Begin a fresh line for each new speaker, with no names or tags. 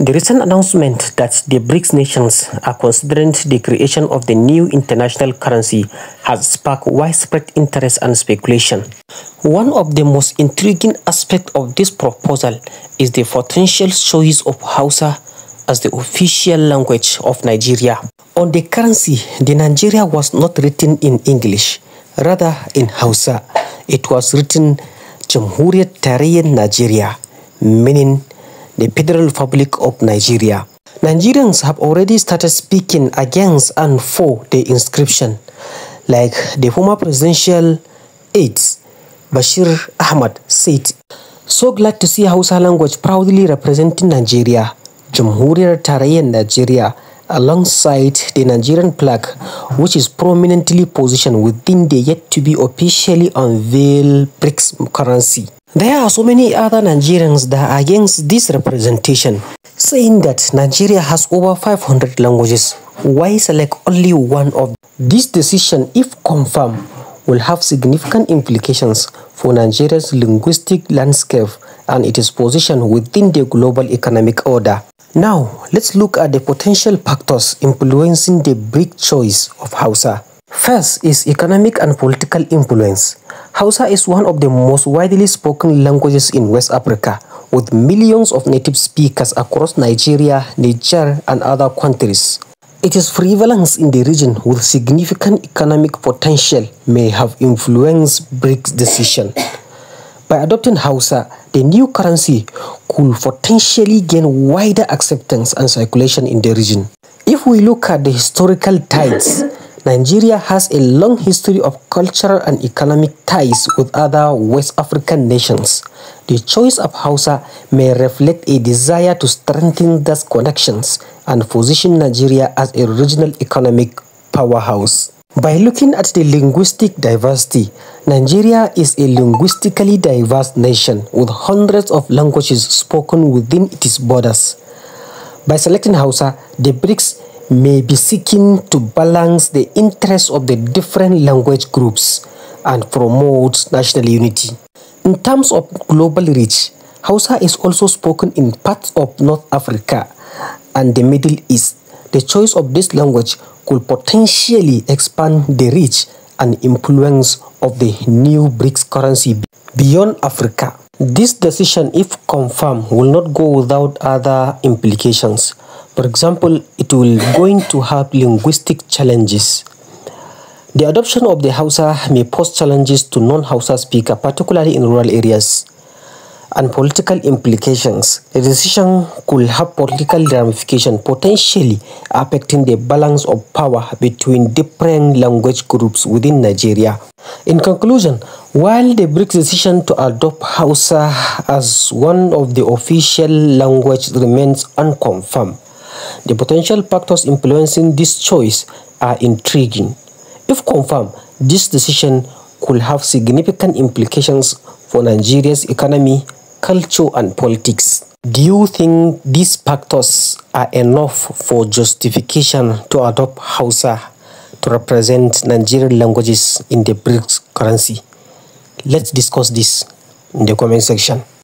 The recent announcement that the BRICS nations are considering the creation of the new international currency has sparked widespread interest and speculation. One of the most intriguing aspects of this proposal is the potential choice of Hausa as the official language of Nigeria. On the currency, the Nigeria was not written in English, rather in Hausa. It was written Jamhuriyat Tarayyar Nigeria, meaning the Federal Republic of Nigeria. Nigerians have already started speaking against and for the inscription, like the former presidential aides Bashir Ahmad said. So glad to see Hausa language proudly representing Nigeria, Jamhuriyar Tarayyar Nigeria, alongside the Nigerian flag, which is prominently positioned within the yet to be officially unveiled BRICS currency. There are so many other Nigerians that are against this representation, saying that Nigeria has over 500 languages. Why select only one of this decision, if confirmed, will have significant implications for Nigeria's linguistic landscape and its position within the global economic order. Now, let's look at the potential factors influencing the big choice of Hausa. First is economic and political influence. Hausa is one of the most widely spoken languages in West Africa, with millions of native speakers across Nigeria, Niger, and other countries. Its prevalence in the region with significant economic potential may have influenced BRICS' decision. By adopting Hausa, the new currency could potentially gain wider acceptance and circulation in the region. If we look at the historical tides, Nigeria has a long history of cultural and economic ties with other West African nations. The choice of Hausa may reflect a desire to strengthen those connections and position Nigeria as a regional economic powerhouse. By looking at the linguistic diversity, Nigeria is a linguistically diverse nation with hundreds of languages spoken within its borders. By selecting Hausa, the BRICS may be seeking to balance the interests of the different language groups and promote national unity. In terms of global reach, Hausa is also spoken in parts of North Africa and the Middle East. The choice of this language could potentially expand the reach and influence of the new BRICS currency beyond Africa. This decision, if confirmed, will not go without other implications. For example, it will going to have linguistic challenges. The adoption of the Hausa may pose challenges to non-Hausa speakers, particularly in rural areas, and political implications. The decision could have political ramifications, potentially affecting the balance of power between different language groups within Nigeria. In conclusion, while the BRICS decision to adopt Hausa as one of the official language remains unconfirmed, the potential factors influencing this choice are intriguing. If confirmed, this decision could have significant implications for Nigeria's economy, culture, and politics. Do you think these factors are enough for justification to adopt Hausa to represent Nigerian languages in the BRICS currency? Let's discuss this in the comment section.